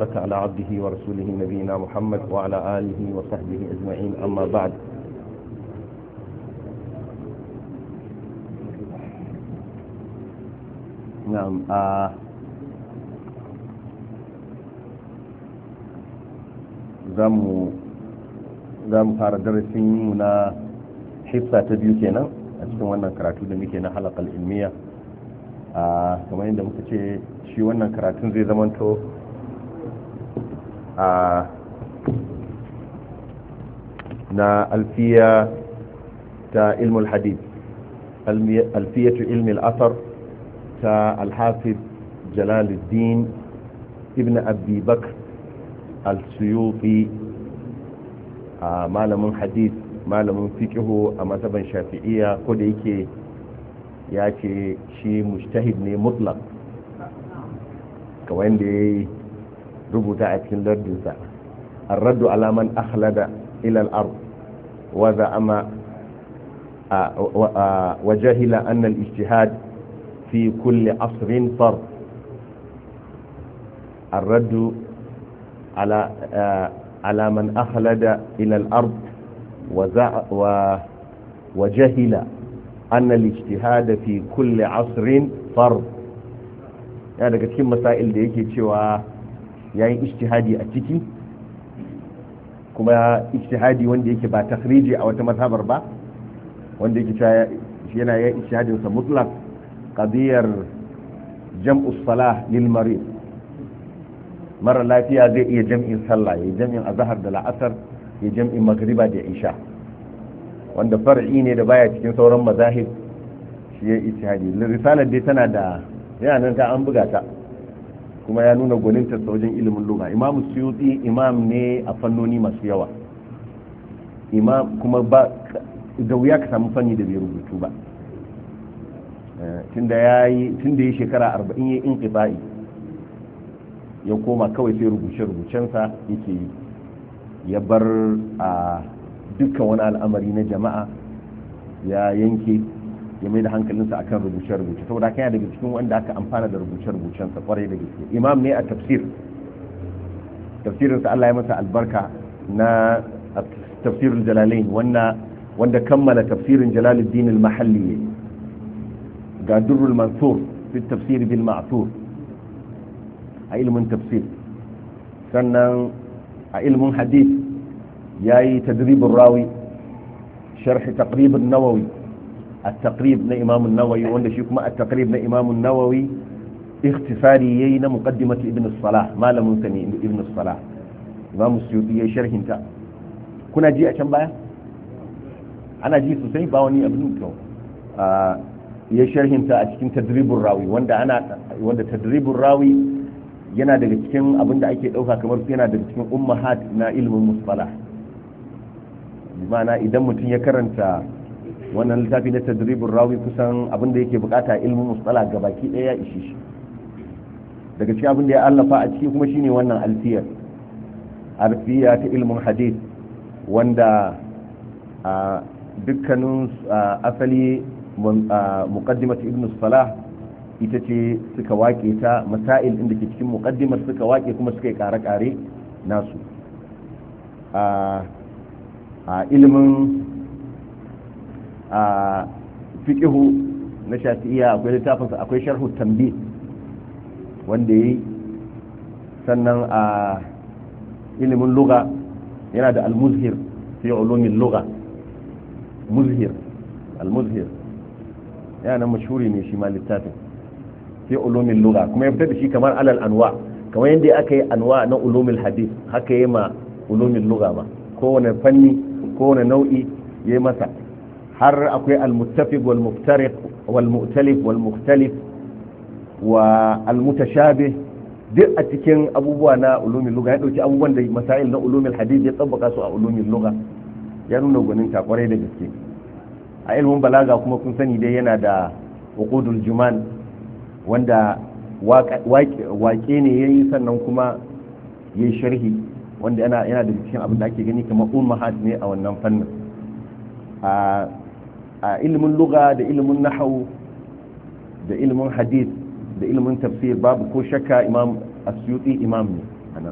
وبارك على عبده ورسوله نبينا محمد وعلى آله وصحبه أجمعين أما بعد نعم زم زم mu fara حفظة تبيوكينا na hifsa كراتو دميكينا حلقة الإلمية a kamar yadda muka ce shi wannan karatun zai zamanto na alfiya ta ilmul alfiyatu ilmi ta alhafiz jalaluddin ibn abibak al-suyuti malamin hadith malamin fikihu a masaban shafi'iyya ko da yake ya ce shi mujtahid ne mutlak ga wanda ya yi rubuta a cikin lardinsa الرد على من أخلد إلى الأرض وزعم وجهل أن الاجتهاد في كل عصر فرض الرد على على من أخلد إلى الأرض وجهل أن الاجتهاد في كل عصر فرض يعني كتير مسائل دي كتير ya yi ishtihadi a ciki kuma ishtihadi wanda yake ba takhriji a wata mazhabar ba wanda yake yana ya ishtihadi sa mutlaq qadiyar jam'u salah lil marid mara lafiya zai iya jam'in sallah ya jam'in azhar da la'asar ya jam'in magriba da isha wanda far'i ne da baya cikin sauran mazahib shi ya ishtihadi risalar dai tana da yana nan ta an buga ta kuma ya nuna gwaninta ta wajen ilimin lugha imam suyuti imam ne a fannoni masu yawa imam kuma ba da wuya ka samu fanni da bai rubutu ba eh, tunda ya yi tunda ya shekara arba'in ya inqita'i ya koma kawai sai rubuce rubucensa yake ya bar a ah, dukkan wani al'amari na jama'a ya yanke ya mai da hankalinsa akan rubuce-rubuce saboda kan daga cikin wanda aka amfana da rubuce-rubucensa kwarai da gaske imam ne a tafsir tafsirinsa Allah ya masa albarka na tafsirin jalalain wanda wanda kammala tafsirin jalaluddin al-mahalli ne ga durrul mansur fi tafsir bil ma'thur a ilmin tafsir sannan a ilmin hadith yayi tadribur rawi sharh taqrib an-nawawi التقريب taqrib na النووي an-Nawawi wanda shi kuma at-taqrib na Imam an-Nawawi ikhtisari yayi na muqaddimati Ibn Salah malamin sa ne Ibn Salah Imam Suyuti ya sharhinta kuna ji a can baya ana ji sosai ba wani abin ya a cikin tadribun rawi wanda ana wanda rawi yana daga cikin abin da ake ɗauka kamar yana daga cikin ummahat na ilimin musfala ma'ana idan mutum ya karanta wannan littafi na tadribul rawi kusan abin da yake bukata ilmin musala ga baki daya ya ishi shi daga cikin abin da ya allafa a ciki kuma shine wannan alfiyar alfiya ta ilmin hadith wanda a dukkanin asali muqaddimat ibn salah ita ce suka wake ta masail inda ke cikin muqaddimar suka wake kuma suka yi kare-kare nasu a ilimin a fiƙihu na shafi'iyya akwai littafinsa akwai sharhu tambi wanda yi sannan a ilimin luga yana da al-muzhir fi ulumin luga muzhir al-muzhir yana mashuri ne shi ma littafin fi ulumin luga kuma ya fita da shi kamar alal anwa kamar yadda aka yi anwa na ulumin hadith haka yi ma ulumin luga ba kowane fanni kowane nau'i ya masa har akwai al-muttafiq wal muftariq wal mu'talif wal mukhtalif wa al-mutashabih duk a cikin abubuwa na ulumin lugha ya dauki abubuwan da masail na ulumin hadith ya tsabbaka su a ulumin lugha ya nuna ta kwarai da gaske a ilmin balaga kuma kun sani dai yana da uqudul juman wanda waƙe ne ya yi sannan kuma ya yi sharhi wanda yana da cikin abin da ake gani kamar umar ne a wannan fannin ah, a ilimin lugha da ilimin nahau da ilimin hadith da ilimin tafsir babu ko shakka imam asyuti imam ne